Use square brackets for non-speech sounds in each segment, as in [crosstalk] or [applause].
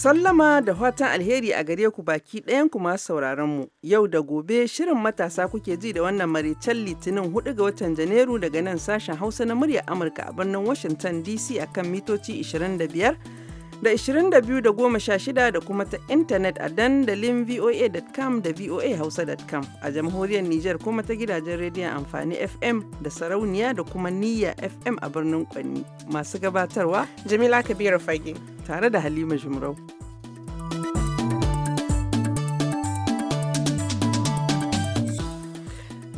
Sallama da fatan alheri a gare ku baki ɗayan ku masu sauraron mu. Yau da gobe shirin matasa kuke ji da wannan maraicen litinin hudu ga watan Janairu daga nan sashen Hausa na murya Amurka a birnin Washington DC akan mitoci 25 da 22 da 16 da kuma ta intanet a dandalin voa.com da voahausa.com a jamhuriyar Nijar kuma ta gidajen rediyon amfani FM da sarauniya da kuma niyya FM a birnin Kwanni. Masu gabatarwa Jamila Kabiru Fage tare da Halima Jumrau.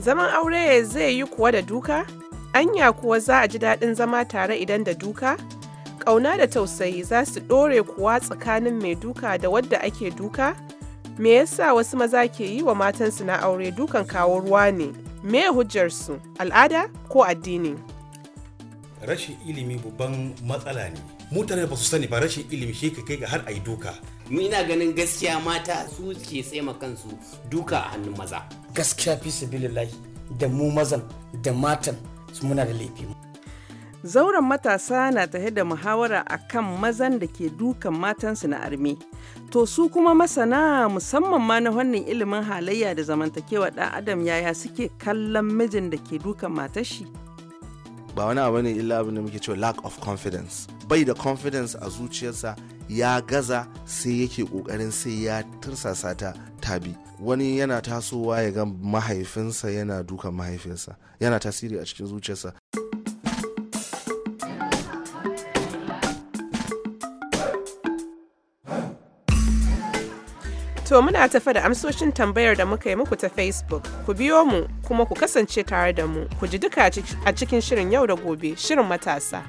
Zaman aure zai yi kuwa da duka? Anya kuwa za a ji daɗin zama tare idan da duka? ƙauna da tausayi za su ɗore kuwa tsakanin mai duka da wadda ake duka? Me yasa wasu maza ke yi wa matansu na aure dukan kawo ruwa ne? Me hujjarsu? Al'ada ko addini? Rashin ilimi babban matsala ne. Mutane ba su sani ba rashin ilimi shi kai ga har a yi duka. ina ganin gaskiya mata su ke tsema kansu duka a hannun maza. Gaskiya fi da mu mazan da matan su muna da laifi. Zauren matasa na tahe da muhawara a kan mazan da ke dukan matansu na arme. To su kuma masana musamman ma na wannan ilimin halayya da zamantakewa ɗan adam yaya suke kallon mijin da ke dukan matashi? Ba wani abu ne illa abin da muke cewa lack of confidence. Bai da confidence a zuciyarsa ya gaza sai yake kokarin sai ya tursasa ta tabi wani yana tasowa ya ga mahaifinsa yana dukan mahaifinsa yana tasiri a cikin zuciyarsa. To muna tafa da amsoshin tambayar da muka yi muku ta Facebook. Ku biyo mu kuma ku kasance tare da mu. Ku ji duka a cikin shirin yau da gobe, shirin matasa.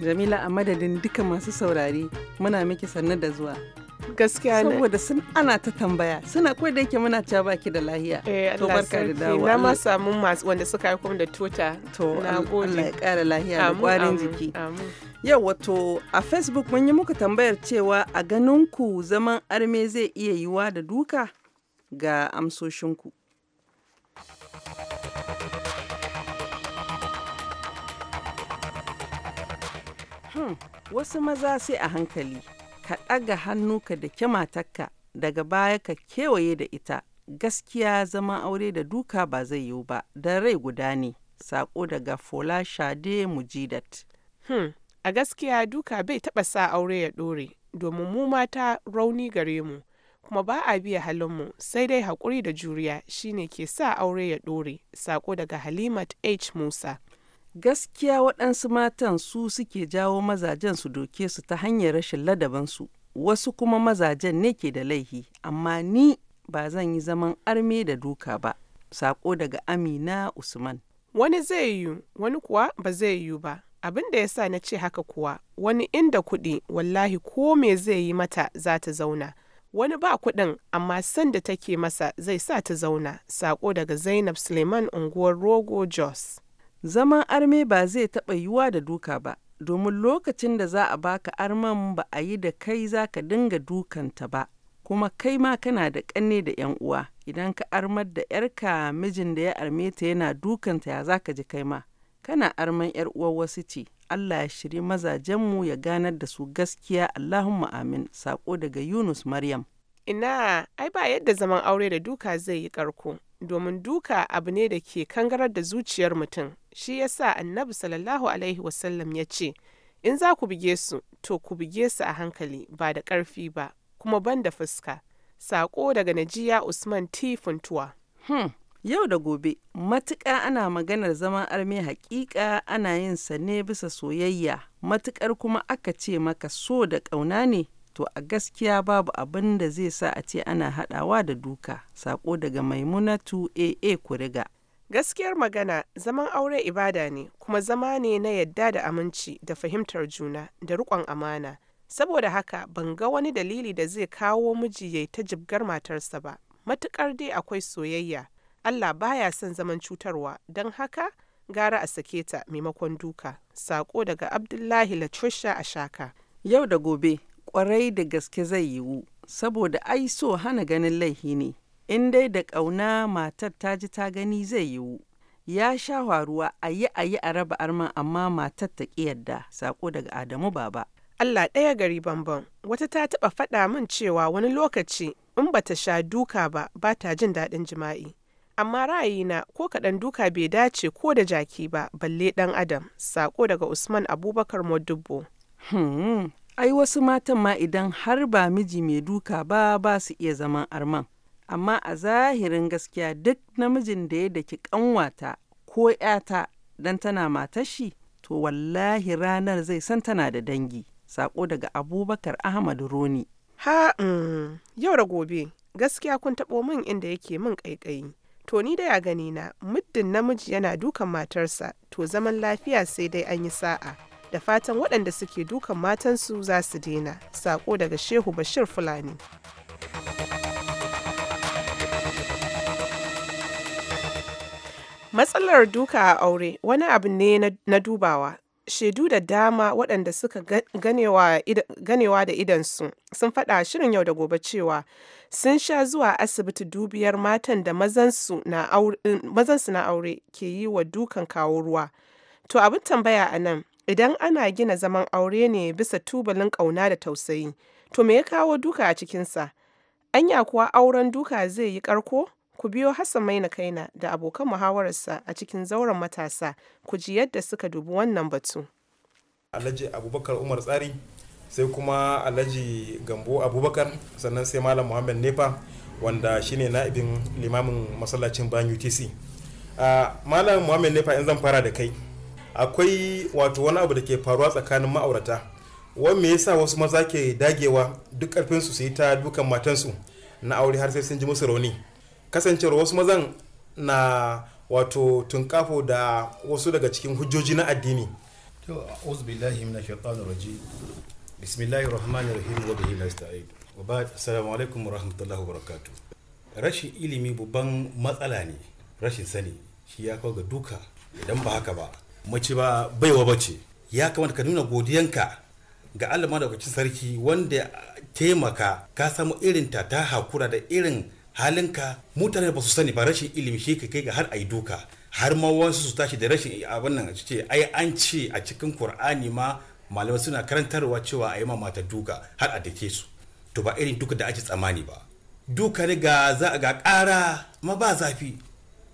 Jamila a madadin duka masu saurari muna miki sannu da zuwa. gaskiya ne saboda sun ana ta tambaya suna ko da yake muna cewa baki da lahiya eh, to barka da dawo na ma samu masu wanda suka yi kuma da tuta to Allah ya kara lahiya da kwarin jiki yau wato a facebook mun yi muka tambayar cewa a ganin ku zaman arme zai iya yiwa da duka ga amsoshinku hmm. wasu maza sai a hankali ɗaga hannu ka ke matarka daga baya ka kewaye da ita gaskiya zama aure da duka ba zai yiwu ba don rai guda ne sako daga fola shade mujidat hmm. a gaskiya duka bai taɓa sa aure ya ɗore domin mu mata rauni gare mu kuma ba a biya halinmu sai dai haƙuri da juriya shine ke sa aure ya ɗore sako daga halimat h musa gaskiya waɗansu matan su suke jawo mazajen su doke su ta hanyar rashin ladabansu wasu kuma mazajen ne ke da laihi amma ni ba zan yi zaman arme da duka ba sako daga amina usman wani zai yi wani kuwa ba zai yiwu ba abin da ya sa na ce haka kuwa wani inda kuɗi wallahi ko me zai yi mata za ta zauna wani ba kuɗin amma sanda take masa zai sa ta zauna sako daga zainab suleiman unguwar rogo jos zaman arme ba zai taɓa yiwuwa da duka ba domin lokacin da za a baka arman ba a yi da kai za ka dinga dukanta ba kuma kai ma kana da ƙanne da 'yan uwa idan ka armar da 'yarka mijin da ya arme ta yana dukanta ya za ka ji kai ma kana arman 'yar uwa wasu ce Allah ya shiri mazajenmu ya ganar da su gaskiya Allahumma amin sako daga Yunus Maryam ina ai ba yadda zaman aure da duka zai yi ƙarko domin duka abu ne da ke kangarar da zuciyar mutum shi ya sa annabi sallallahu alaihi wasallam ya ce in za ku buge su to ku buge su a hankali ba da ƙarfi ba kuma ban da fuska saƙo daga najiya usman t funtuwa hmm, yau da gobe matuƙa ana maganar zaman arme haƙiƙa ana yin sa ne bisa soyayya matuƙar kuma aka ce maka so da ƙauna ne to a gaskiya babu abin da zai sa a ce ana haɗawa da duka saƙo daga maimunatu aa kuriga Gaskiyar magana, zaman aure ibada ne, kuma zama ne na yadda da aminci da fahimtar juna da riƙon amana, saboda haka ban ga wani dalili da zai kawo miji ya ta jibgar matarsa ba, matuƙar dai akwai soyayya. Allah baya son zaman cutarwa, don haka gara a sake ta maimakon duka. Sako daga Abdullahi a shaka. Yau da gobe, kwarai da gaske zai yiwu, saboda ai so hana ganin laifi ne. in dai da ƙauna matar ta ji ta gani zai yiwu ya sha haruwa a yi a yi a raba arman amma matar ta ƙi yadda sako daga adamu baba Allah ɗaya gari bambam wata ta taɓa faɗa min cewa wani lokaci in bata sha duka ba ba ta jin daɗin jima'i amma ra'ayina ko kaɗan duka bai dace ko da jaki ba balle ɗan adam sako daga usman abubakar modubbo hmm, ai wasu matan ma idan har ba miji mai duka ba ba su iya zaman arman amma a zahirin gaskiya duk namijin da ya daki ƙanwata ko ‘yata dan tana matashi shi to wallahi ranar zai san tana da dangi sako daga abubakar ahmad roni ha yau da gobe gaskiya kun taɓo min inda yake min ƙaiƙayi to ni da ya gani na muddin namiji yana dukan matarsa to zaman lafiya sai dai an yi sa'a da fatan waɗanda suke dukan matansu za su daina sako daga shehu bashir fulani Matsalar duka a aure wani abu ne na dubawa. Shaidu da dama waɗanda suka ganewa da idansu sun faɗa shirin yau da gobe cewa sun sha zuwa asibiti dubiyar matan da eh, mazansu na aure ke yi wa dukan kawo ruwa. To abin tambaya a nan, idan ana gina zaman aure ne bisa tubalin ƙauna da tausayi, to me ya kawo duka a cikinsa? Anya kuwa auren duka zai yi ƙarko? Ku biyo Hassan Maina Kaina da abokan muhawararsa a cikin zauren matasa ku ji yadda suka dubi wannan batu. Alhaji Abubakar Umar Tsari sai kuma Alhaji Gambo Abubakar sannan sai Malam Muhammad Nefa wanda shine na'ibin limamin masallacin bayan UTC. Malam Muhammad Nefa in zan fara da kai. Akwai wato wani abu da ke faruwa tsakanin ma'aurata. Wani me yasa wasu maza ke dagewa duk su su yi ta dukan matansu na aure har sai sun ji musu rauni. kasancewar wasu mazan na wato tunkafo da wasu daga cikin hujjoji na addini to a billahi minash shaitanir rajim bismillahir rahmanir rahim wa bihi nasta'in wa ba'd assalamu alaikum wa rahmatullahi wa barakatuh rashin ilimi babban matsala ne rashin sani shi ya kawo ga duka idan ba haka ba mace ba baiwa bace ya kamata ka nuna godiyanka ga Allah madaukakin sarki wanda taimaka ka samu irin ta ta hakura da irin halinka mutane ba su sani ba rashin ilimi shi ka kai ga har ai duka har ma wasu su tashi da rashin abin nan ce ai an ce a cikin Kur'ani ma malamai suna karantarwa cewa yi ma mata duka har a dake su to ba irin duka da ake tsamani ba duka ne ga za ga ƙara ma ba zafi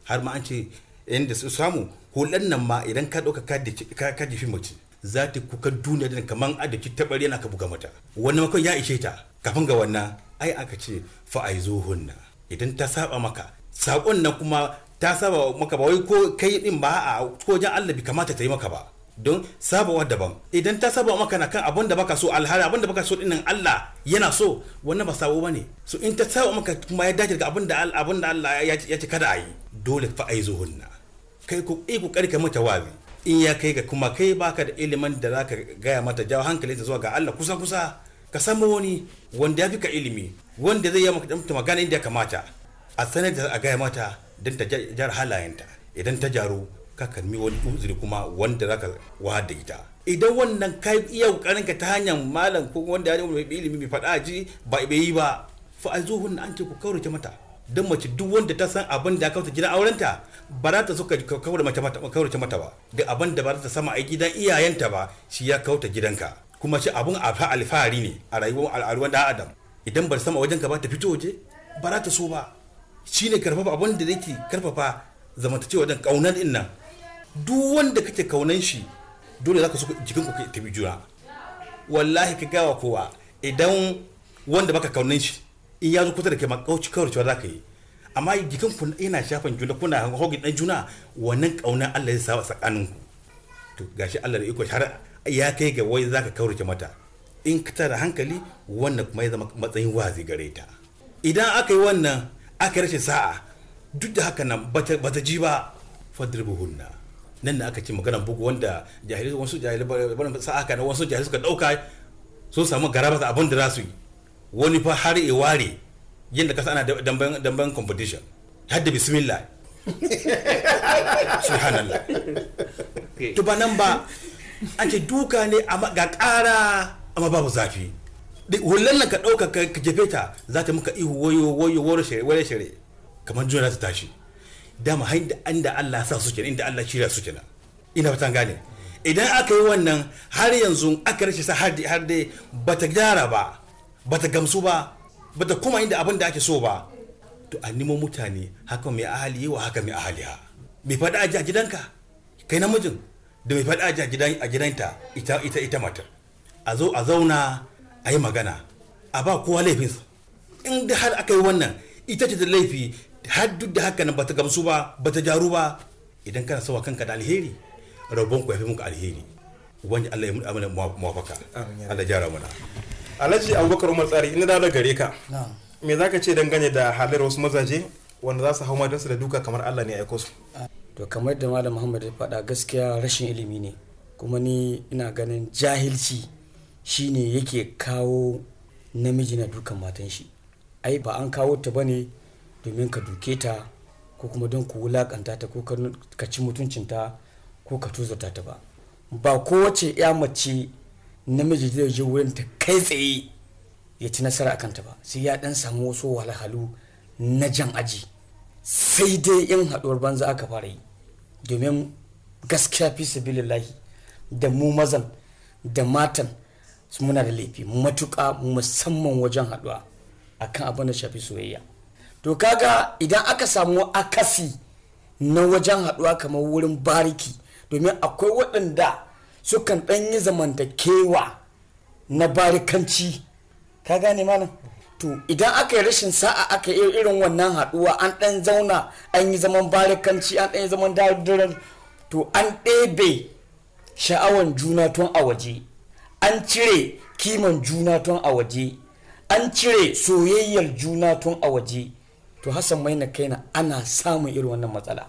har ma an ce inda su samu hulan nan ma idan ka ɗauka ka jifi mace za ta kuka duniya din kaman adaki tabari yana ka buga mata wani makon ya ishe ta kafin ga wannan ai aka ce fa idan ta saba maka sakon na kuma ta saba maka ba wai ko kai din ba a ko jan Allah bi kamata ta yi maka ba don sabawa daban idan ta saba maka na kan abin da baka so alhali abin da baka so dinnan Allah yana so wannan ba sabo bane so in ta saba maka kuma ya dace daga abin da Allah ya ce kada a yi dole fa ai zuhunna kai ku ai ku ka mata wazi in ya kai ga kuma kai baka da ilimin da zaka gaya mata jawo hankalinta zuwa ga Allah kusa kusa ka samu wani wanda ya fi ka ilimi wanda zai yi mata magana inda ya kamata a sanar da a gaya mata don ta jar halayenta idan ta jaru ka karmi wani uzuri kuma wanda zaka wahar da ita idan wannan ka iya ƙoƙarin ka ta hanyar malam ko wanda ya yi mai ilimi mai faɗa ji ba bai yi ba fa a azuhun an ce ku kaurace mata don mace duk wanda ta san abin da ya kauta gidan aurenta ba za ta so da mata ba da abin da ba za ta sama a gidan iyayenta ba shi ya kauta gidanka kuma shi abun alfahari ne a rayuwar al'aruwan da adam idan bar sama wajen ka ba ta fito waje ba za ta so ba shi ne karfafa abin da yake karfafa zamantacewa wajen kaunar in nan duk wanda kake kaunan shi dole za ka suka jikin ku ta bi juna wallahi ka gawa kowa idan wanda baka kaunan shi in ya zo kusa da kai makauci kawai cewa za ka yi amma jikin ku yana shafan juna kuna hogin dan juna wannan kauna Allah ya tsakanin ku to gashi Allah da iko har ya kai ga wai zaka kaurace mata in ka tara hankali wannan kuma ya zama matsayin wazi gare ta idan aka yi wannan aka rashin sa'a duk da haka nan ba ta ji ba buhunna. nan da aka ci maganar bugu wanda jahilai wasu jahilai ba sa'a kanan wasu jahilai suka dauka sun samu garaba abin da za su yi wani fa har ya ware yadda kasa ana damban competition har da bismillah subhanallah to ba nan ba an ce duka ne ga ƙara amma babu zafi hullan nan ka ɗauka ka jefe ta za ta muka ihu wayo wayo wayo shari wayo shere kamar juna ta tashi dama hain da an da Allah sa su kenan inda Allah shirya su kenan ina fatan gane idan aka yi wannan har yanzu aka rashe sa har har dai bata gyara ba bata gamsu ba bata kuma inda abin da ake so ba to a nemo mutane haka mai ahali yi wa haka mai ahali ha mai faɗa a gidanka kai namijin da mai faɗa a gidanta ita ita ita matar a zo a zauna a yi magana a ba kowa laifinsa in da har aka yi wannan ita ce da laifi har duk da haka nan bata gamsu ba bata jaru ba idan kana sawa kanka da alheri rabon ku ya fi muku alheri wani Allah ya mu amana muwafaka Allah jara muna Alhaji Abubakar Umar Tsari ina da gare ka me zaka ce dangane da halar wasu mazaje wanda za su hau matansu da duka kamar Allah ne ya aiko su to kamar da malam Muhammad ya faɗa gaskiya rashin ilimi ne kuma ni ina ganin jahilci shi ne yake kawo namiji na dukan matan shi ai ba an kawo ta ba ne domin ka duke ta ko kuma don ku wulakanta ta ko ka ci mutuncinta ko ka tuzo ta ba ba kowace ya mace namiji zai je wurin ta kai tsaye ya ci nasara akan ta ba sai ya dan samu wasu wahalhalu na jan aji sai dai in haɗuwar banza aka fara yi domin gaskiya fi sabilillahi da mu mazan da matan muna da laifi matuƙa musamman wajen haɗuwa akan abin da shafi soyayya to kaga idan aka samu akasi na wajen haɗuwa kamar wurin bariki domin akwai waɗanda sukan ɗan yi zamantakewa na barikanci ka gane mana. to idan aka yi rashin sa'a aka yi irin wannan haɗuwa an ɗan zauna an yi zaman barikanci an ɗan yi zaman daren to an ɗebe sha'awan juna tun a waje an cire kiman juna tun a waje an cire soyayyar juna tun a waje to hassan maina kaina ana samun irin wannan matsala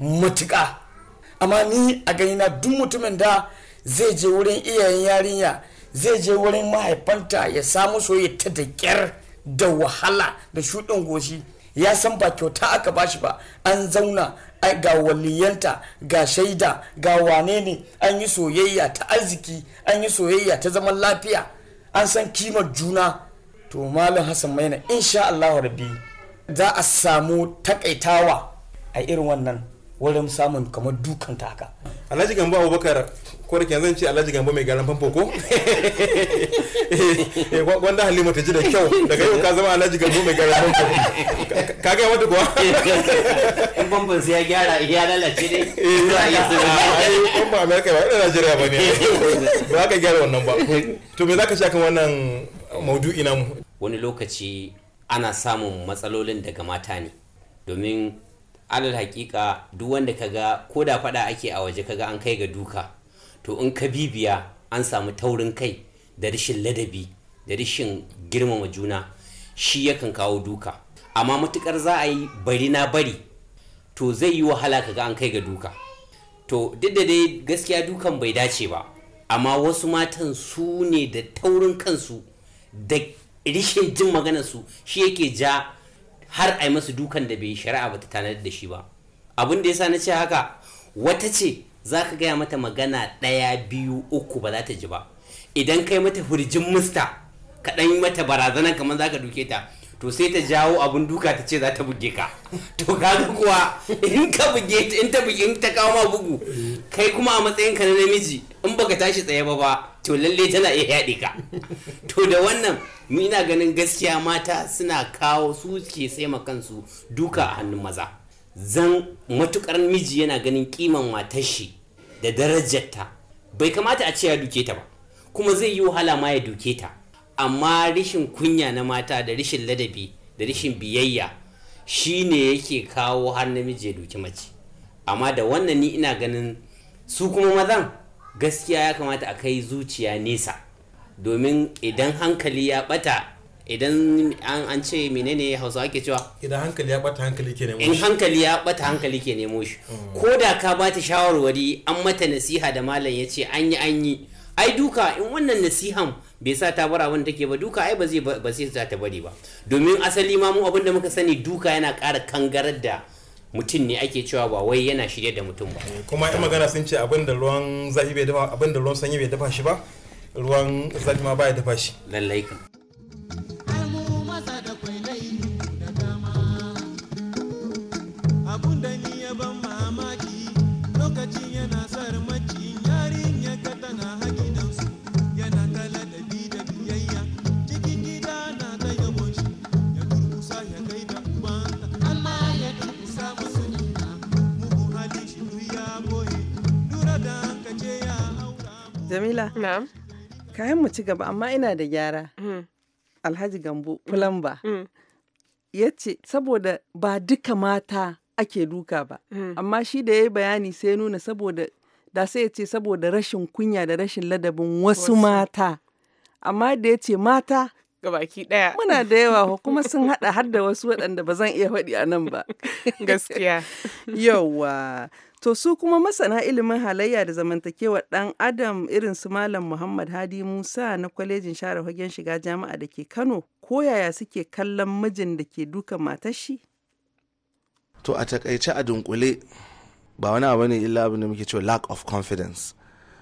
matuƙa amma ni a ganina duk mutumin da zai je wurin iyayen yarinya zai je wurin mahaifanta ya samu soyayya ta da kyar da wahala da shuɗin goshi ya san ba kyauta aka ba shi ba an zauna ga waliyanta ga shaida ga wane ne an yi soyayya ta arziki an yi soyayya ta zaman lafiya an san kimar juna to malam hassan maina insha allahu rabbi za a samu takaitawa a irin wannan wurin samun kamar dukanta haka alhaji gambo abubakar ko da zan ce alhaji gambo mai garan famfo ko eh, eh, wanda halima ta ji da kyau daga yau ka zama alhaji gambo mai garan famfo ka ga wata kuwa in famfon sai ya gyara ya lalace ne eh, ai famfon america ba irin najeriya ba ne ba ka gyara wannan ba to me zaka ci akan wannan maudu'i mu. wani lokaci ana samun matsalolin daga mata ne domin alal hakika duk wanda kaga ko da fada ake a waje kaga an kai ga duka to in ka bibiya an samu taurin kai da rashin ladabi da rashin girmama juna shi yakan kawo duka amma matukar za a yi bari na bari to zai yi wahala ka ga an kai ga duka to duk da dai gaskiya dukan bai dace ba amma wasu matan su ne da taurin kansu da rishin jin maganarsu shi yake ja har a yi masu dukan da bai shari'a ba ta tanar da shi ba abin da ya sa na ce haka wata ce za ka gaya mata magana ɗaya biyu uku ba za ta ji ba idan kai mata hurjin musta ka ɗan yi mata barazana kamar za ka duke ta to sai ta jawo abin duka ta ce za ta buge ka [laughs] to kaga kuwa in ka buge ta in ta buge ta kawo ma bugu kai kuma a matsayin ka na namiji in baka tashi tsaye ba ba to lalle tana iya yaɗe ka [laughs] to da wannan mu ina ganin gaskiya mata suna kawo su ke sai kansu duka a hannun maza zan matukar miji yana ganin kiman matar shi da darajarta bai kamata a ce ya duke ta ba kuma zai yi wahala ma ya duke ta amma rishin kunya na mata da rishin ladabi da rishin biyayya shine yake kawo har namiji ya duki mace amma da wannan ni ina ganin su kuma mazan gaskiya ya kamata a kai zuciya nesa domin idan hankali ya bata idan an ce menene hausa ake cewa idan hankali ya bata hankali ke nemo shi in hankali ya bata hankali ke nemo shi ko da ka bata shawarwari an mata nasiha da malam ya ce an yi an yi ai duka in wannan nasihan bai sa ta bar abin take ba duka ai ba zai ba sai za ta bari ba domin asali ma mu abin da muka sani duka yana ƙara kangarar da mutum ne ake cewa ba wai yana shirye da mutum ba eh, kuma yan magana sun ce abin da ruwan zafi bai dafa abin da ruwan sanyi bai dafa shi ba ruwan zafi ma bai dafa shi lallai kan Jamila. Na'am. Kayan mu ci gaba amma ina da gyara. Mm. Alhaji Gambo kulamba mm. Ya ce saboda ba duka mata ake duka ba. Mm. Amma shi da ya yi bayani sai nuna saboda da sai ya ce saboda rashin kunya da rashin ladabin wasu mata. Amma da ya ce mata gabaki daya muna da yawa kuma sun hada har da wasu waɗanda ba zan iya faɗi a nan ba [laughs] gaskiya yawa to su kuma masana ilimin halayya da zamantakewar ɗan adam irin su malam muhammad hadi musa na kwalejin share fagen shiga Jama'a da ke kano ko yaya suke kallon mijin da ke dukan matar shi to a takaice a dunkule ba wani abu ne illa abin da muke cewa lack of confidence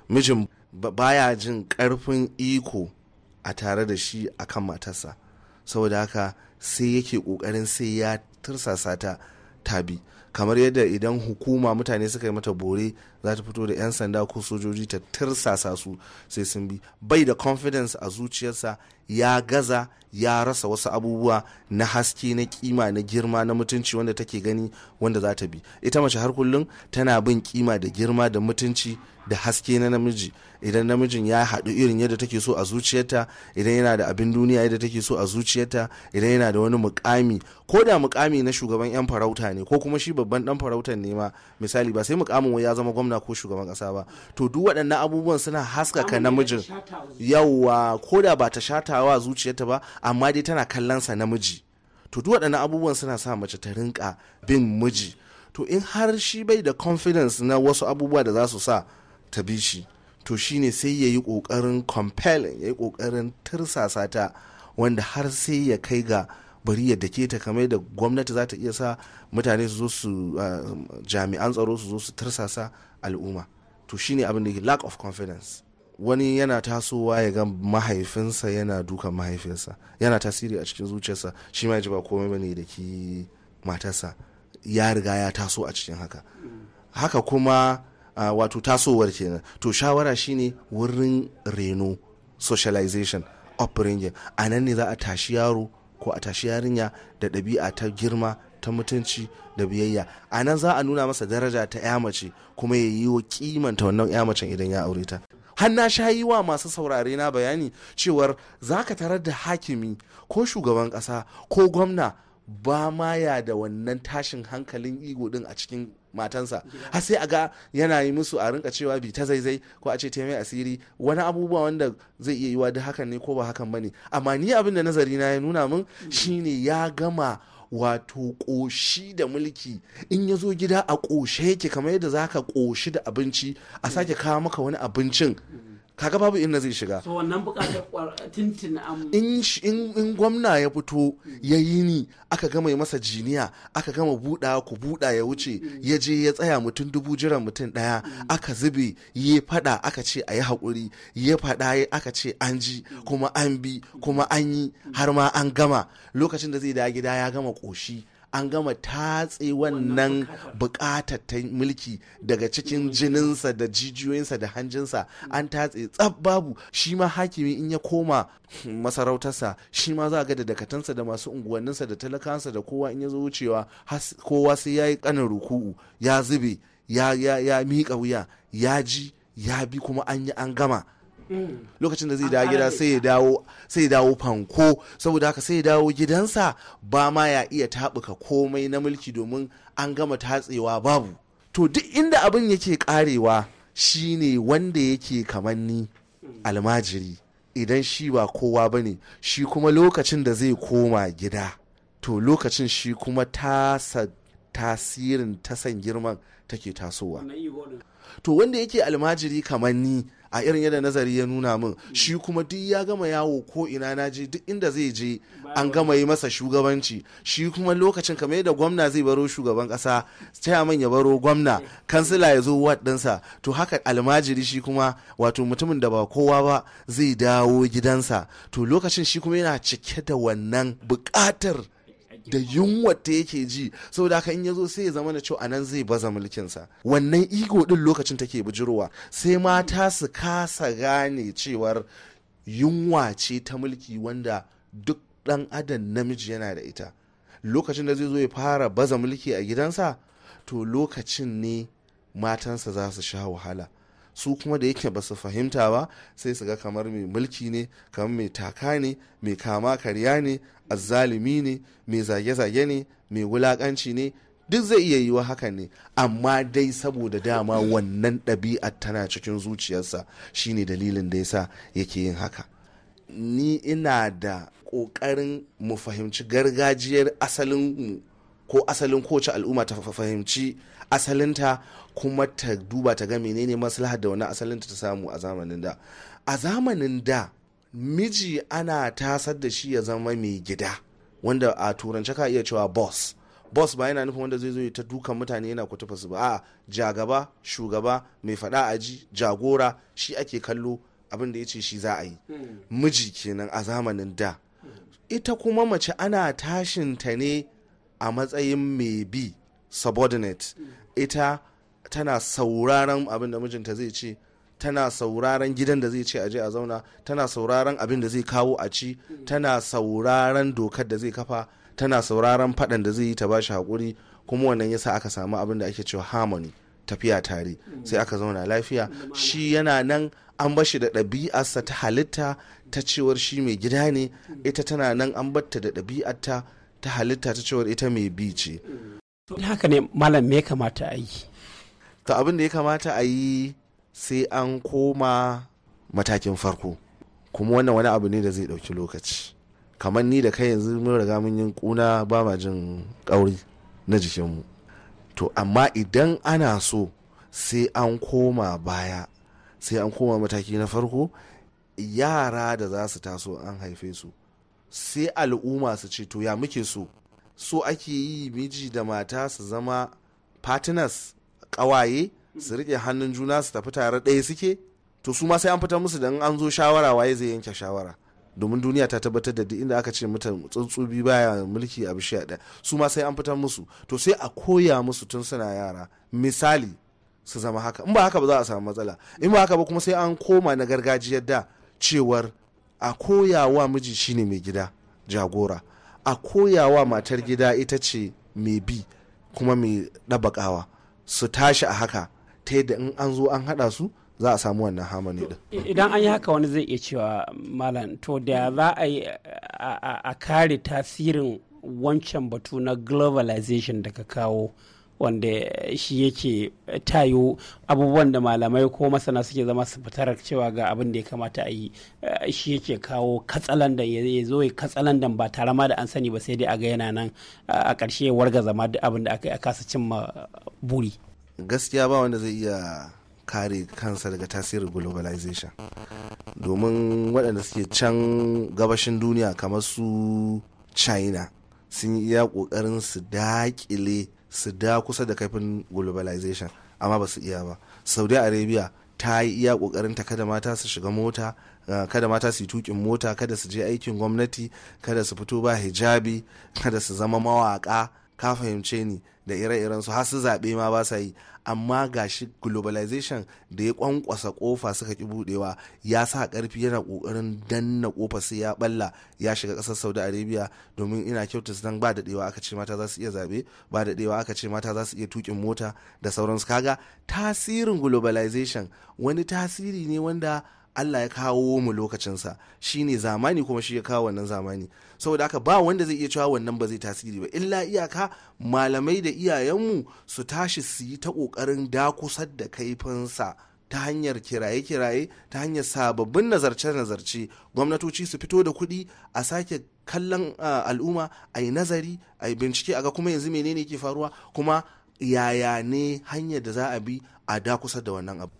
mijin baya jin karfin iko a tare da shi a kan matarsa saboda haka sai yake kokarin sai ya tursasa ta tabi kamar yadda idan hukuma mutane suka yi mata bore za ta fito da 'yan sanda ko sojoji ta tirsasa su sai sun bi bai da confidence a zuciyarsa ya gaza ya rasa wasu abubuwa na haske na kima na girma na mutunci wanda take gani wanda za ta bi ita mace har kullum tana bin kima da girma da mutunci da haske na namiji idan namijin ya haɗu irin yadda take so a zuciyarta idan yana da abin duniya yadda take so a zuciyarta idan yana da wani mukami ko da mukami na shugaban yan farauta ne ko kuma shi babban dan farautar ne ma misali ba sai mukamin ya zama gwamna ko shugaban kasa ba to duk waɗannan abubuwan suna haskaka namijin yawa ko da ba ta shatawa zuciyarta ba amma dai tana kallon sa namiji to duk waɗannan abubuwan suna sa mace ta rinka bin miji to in har shi bai da confidence na wasu abubuwa da za su sa ta bi shi to shine sai ya yi ƙoƙarin compelling ya yi ƙoƙarin tirsasa ta wanda har sai ya kai ga bari ya dake ta kamar da gwamnati za ta iya sa mutane su zo su ah, jami'an tsaro su zo su tirsasa al'umma to shine abin da lack of confidence wani yana tasowa ya ga mahaifinsa yana dukan mahaifinsa yana tasiri a cikin zuciyarsa shi ma ya ji ba komai ne da ki matarsa ya riga ya taso a cikin haka haka kuma wato tasowar kenan to shawara shine wurin reno socialization upbringing a nan ne za a tashi yaro ko a tashi yarinya da ɗabi'a ta girma ta mutunci da biyayya a nan za a nuna masa daraja ta ya mace kuma ya yi wa kimanta wannan ya macen idan ya aure ta har na sha yi wa masu saurare na bayani cewar za ka tarar da hakimi ko shugaban kasa ko gwamna ba ma ya da wannan tashin hankalin igo din a cikin matansa har sai a ga yana yi musu a rinka cewa bi ta zaizai ko a ce ta mai asiri wani abubuwa wanda zai iya yiwa da hakan ne ko ba hakan bane amma ni abin da nazari na ya nuna min mm. shine ya gama wato ƙoshi da mulki in ya zo gida a ƙoshe yake kamar yadda za ka ƙoshi da abinci a mm. sake kawo maka wani abincin mm. kaga babu inda zai shiga so wannan bukatar tintin in in gwamna ya fito ya yi ni aka gama masa jiniya aka gama buɗa ku buɗa ya wuce ya je ya tsaya mutum dubu jiran mutum ɗaya aka zube ya faɗa aka ce a yi haƙuri ya faɗa aka ce an ji kuma an bi kuma an yi har ma an gama lokacin da zai da gida ya gama ƙoshi an gama tatse wannan bukatar ta mulki daga cikin jininsa da jijiyoyinsa da hanjinsa mm. an tatse tsab babu shi ma hakimi in ya koma masarautarsa shi ma za ga da dakatansa da masu unguwanninsa da talakansa da kowa in ya zo wucewa kowa sai ya yi kanin ruku'u ya zube ya miƙa wuya ya ji ya bi kuma an yi an gama lokacin da zai dawo gida sai ya dawo fanko saboda haka sai ya dawo gidansa ba ma ya iya tabuka komai na mulki domin an gama tatsewa babu to duk inda abin yake karewa shine wanda yake kamanni ni almajiri idan shi ba kowa bane shi kuma lokacin da zai koma gida to lokacin shi kuma tasa tasirin tasan girman take tasowa to wanda yake almajiri kamanni. ni a irin yadda nazari ya nuna min shi kuma duk ya gama yawo ko ina na je duk inda zai je an gama yi masa shugabanci shi kuma lokacin kamar yadda gwamna zai baro shugaban kasa chairman ya baro gwamna kansila ya zo ward dinsa to haka almajiri shi kuma wato mutumin da ba kowa ba zai dawo gidansa to lokacin shi kuma yana cike da wannan buƙatar da yunwa ta yake ji saboda haka in ya zo sai ya zama na cewa anan zai baza mulkinsa wannan ego din lokacin take bujirowa sai mata su kasa gane cewar yunwa ce ta mulki wanda duk dan adam namiji yana da ita lokacin da zai zo ya fara baza mulki a gidansa to lokacin ne matansa za su sha wahala su kuma da yake ba su fahimta ba sai su ga kamar mai mulki ne kamar mai taka ne mai kama karya ne azzalimi ne mai zage-zage ne mai wulakanci ne duk zai iya yiwa haka ne amma dai saboda dama wannan ɗabi'ar tana cikin zuciyarsa shine dalilin da yasa yake yin haka ni ina da ƙoƙarin mu fahimci gargajiyar asalin ko asalin kowace al'umma ta fahimci asalinta kuma ta duba ta ga menene maslahar da wani asalinta ta samu a zamanin da a zamanin da miji ana tasar da shi ya zama mai gida wanda a turance ka iya cewa boss boss ba yana nufin wanda zai zo ta dukan mutane yana kutufa su ba a jagaba shugaba mai fada aji jagora shi ake kallo abin da ya ce shi za a yi hmm. miji kenan a zamanin da ita kuma mace ana tashin ta ne a matsayin mai bi subordinate ita tana sauraron abin da mijinta zai ce tana sauraron gidan da zai ce je a zauna tana sauraron abin da zai kawo a ci tana sauraron dokar da zai kafa tana sauraron faɗan da zai yi ta bashi haƙuri kuma wannan yasa aka samu abin da ake cewa harmony tafiya tare sai aka zauna lafiya shi yana nan an bashi da ɗabi'arsa ta halitta ta cewar shi mai gida ne ita tana nan an batta da ɗabi'arta ta halitta ta cewar ita mai bi ce haka ne malam me kamata a yi to abin da ya kamata a yi sai an koma matakin farko kuma wannan wani abu ne da zai ɗauki lokaci kamar ni da kai yanzu mun riga mun yi kuna ba ma jin ƙauri na jikinmu to amma idan ana so sai an koma baya sai an koma mataki na farko yara da za su taso an haife su sai al'umma su ce to ya muke so so ake yi miji da mata su zama partners kawaye su rike hannun juna su tafi tare ɗaya suke to su ma sai an fitar musu da an zo shawara waye zai yanke shawara domin duniya ta tabbatar da inda aka ce mutan tsuntsu biyu baya mulki a bishiya ɗaya su ma sai an fitar musu to sai a koya musu tun suna yara misali su zama haka in ba haka ba za a samu matsala in ba haka ba kuma sai an koma na gargajiyar da cewar a koyawa miji shine mai gida jagora a koyawa matar gida ita ce mai bi kuma mai ɗabakawa su tashi a haka ta yadda in an zo an haɗa su za a samu wannan hamani din idan an yi haka wani zai iya cewa malam to da za a yi a kare tasirin wancan batu na globalization da ka kawo wanda shi yake tayo abubuwan da malamai ko masana suke zama su fitar cewa ga abin da ya kamata a yi eh, shi yake kawo katsalandan ya zo ya katsalandan ba tare ma da an sani ba sai dai a ga yana nan a ƙarshe ya warga zama duk abin da aka kasa cimma buri gaskiya ba wanda zai iya kare kansa daga tasirin globalization domin waɗanda suke can gabashin duniya kamar su china sun yi iya ƙoƙarin su daƙile su da kusa da kaifin globalization amma ba su iya ba saudi arabia ta yi iya kokarin ta kada mata su shiga mota eh, kada mata su yi tukin mota kada su je aikin gwamnati kada su fito ba hijabi kada su zama mawaka ka fahimce ni da ire-iren su har su zaɓe ma ba sa yi amma gashi globalization da ya kwankwasa kofa suka ki budewa ya sa karfi yana kokarin danna kofa sai ya balla ya shiga ƙasar saudi arabia domin ina kyauta su ba da dewa aka ce mata za su iya zaɓe ba da dewa aka ce mata za su iya tukin mota da sauransu kaga tasirin globalization wani tasiri ne wanda Allah ya kawo mu lokacinsa ne zamani kuma shi ya kawo wannan zamani saboda haka ba wanda zai iya cewa wannan ba zai tasiri ba illa iyaka malamai da iyayenmu su tashi su yi ta kokarin dakusar da kaifinsa ta hanyar kiraye-kiraye ta hanyar sababbin nazarce-nazarce gwamnatoci su fito da kuɗi a sake kallon al'umma a yi nazari a yi bincike a ga kuma yanzu menene ke faruwa kuma yaya ne hanyar da za a bi a dakusar da wannan abu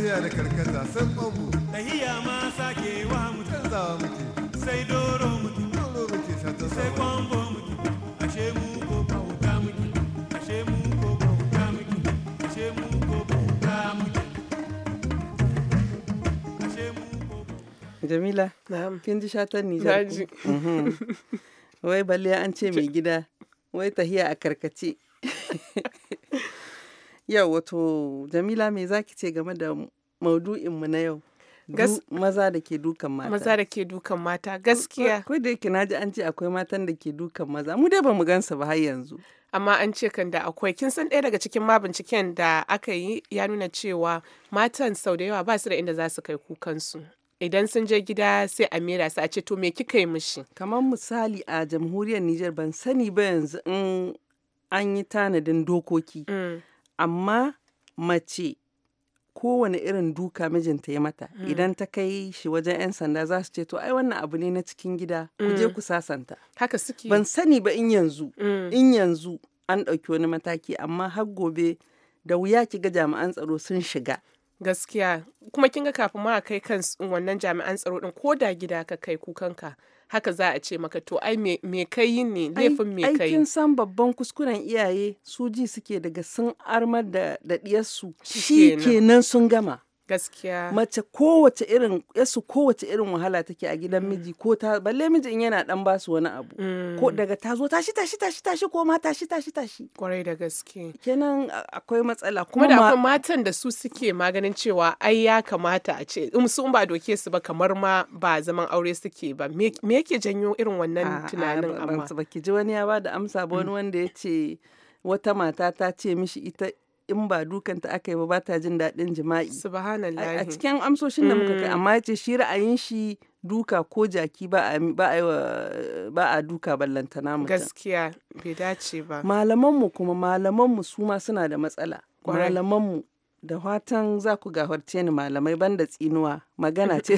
tahiya da karkata san babu tahiya ma sake wa mutum zawa muke sai doro mutum doro muke sata sai kwambo muke ashe mu ko bauta muke ashe mu ko bauta muke ashe mu ko bauta muke ashe mu ko bauta Jamila na'am kin ji shatan Nijar mhm. [laughs] wai balle an ce mai gida wai tahiya a karkace [laughs] Yau wato Jamila me zaki ce game da maudu'inmu na yau? Gas maza da ke dukan mata. Maza da ke dukan mata gaskiya. Ko da yake naji an ce akwai matan da ke dukan maza. Mu dai bamu gansu ba har yanzu. Amma an ce kan da akwai kin san ɗaya daga cikin ma binciken da aka yi ya nuna cewa matan sau da yawa ba su da inda za su kai kukansu. idan sun je gida sai a mera su a ce to me kika yi mishi kamar misali a jamhuriyar Nijar ban sani ba yanzu in an yi tanadin dokoki mm. amma mace kowane irin duka mijinta ya mata mm. idan ta kai shi wajen 'yan sanda za su ce to ai wannan abu ne na cikin gida ku je hmm. ku sasanta haka suke ban sani ba in yanzu hmm. in yanzu an ɗauki wani mataki amma har gobe da wuya ki ga jami'an tsaro sun shiga gaskiya kuma kin ga kafin ma kai kan wannan jami'an tsaro din ko da gida ka kai kukanka haka za a ce maka to ai me kai ne laifin me kai aikin san babban kuskuren iyaye su ji suke daga sun armar da da diyarsu shi kenan sun gama gaskiya mace kowace irin yasu kowace irin wahala take a gidan mm. miji ko ta balle in yana dan ba su wani abu ko mm. daga ta zo tashi tashi tashi tashi ko ma tashi tashi tashi kwarai da gaske kenan akwai matsala kuma da akwai matan da su suke maganin cewa ai ya kamata a ce in su ba doke su ba kamar ma ba zaman aure suke ba me yake janyo irin wannan tunanin amma ba ki ji wani ya ba da amsa ba wani mm. wanda yace wata mata ta ce mishi ita in ba dukanta aka yi ba ta jin daɗin jima'i subhanallah a cikin amsoshin da muka kai mm. amma ce shi ra'ayin shi duka ko jaki ba a duka ballantana mutum gaskiya bai dace ba malamanmu kuma malamanmu su ma suna da matsala malamanmu da watan za ku gafarce ni malamai banda tsinuwa magana ce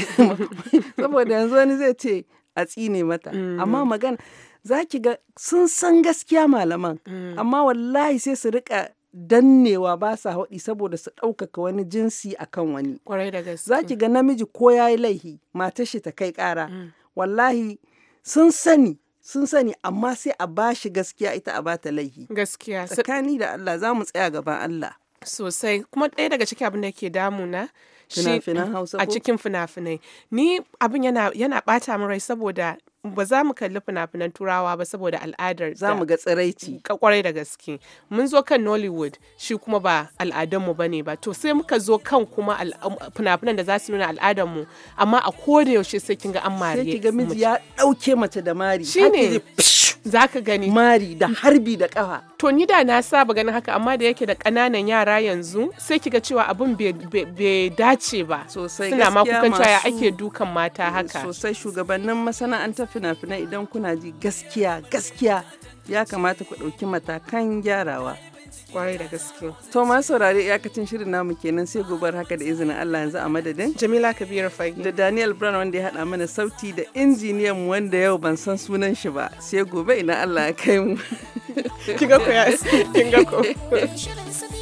[laughs] saboda yanzu wani zai ce a tsine mata mm. amma magana za ki ga sun san gaskiya malaman mm. amma wallahi sai su rika dannewa ba sa haɗi saboda su ɗaukaka wani jinsi akan wani. Kwarai da gaske. Za ki ga namiji ko ya yi laihi matar shi ta kai ƙara. Mm. Wallahi sun sani sun sani amma sai a bashi gaskiya ita a bata laihi. Gaskiya. Tsakani da Allah za mu tsaya gaban Allah. Sosai kuma ɗaya daga cikin abin da ke na. fina-finan hausa a cikin fina-finai ni abin yana yana bata min rai saboda ba za mu kalli fina-finan turawa ba saboda al'adar za mu ga tsiraici kwarai da gaske mun zo kan nollywood shi kuma ba al'adunmu ba ne ba to sai muka zo kan kuma fina-finan da za su nuna al'adarmu amma a koda yaushe sai kin ga an mare sai ki miji ya dauke mace da mari shine zaka gani mari da harbi da kafa to ni da na saba ganin haka amma da yake da kananan yara yanzu sai kiga cewa abun bai dace ba sosai suna ma kukan cewa ake dukan mata eh, haka sosai shugabannin masana'antar fina-finai idan kuna ji gaskiya gaskiya ya kamata ku ɗauki matakan gyarawa kwarai da gaske. To ma saurari iyakacin shirin namu kenan sai gobar haka da izinin Allah yanzu a madadin. Jamila Kabiru Fagi. Da Daniel Brown wanda ya haɗa mana sauti da injiniyan mu wanda yau ban san sunan shi ba. Sai gobe ina Allah ya kai mu. [laughs] Kinga ga ya kin ga [laughs]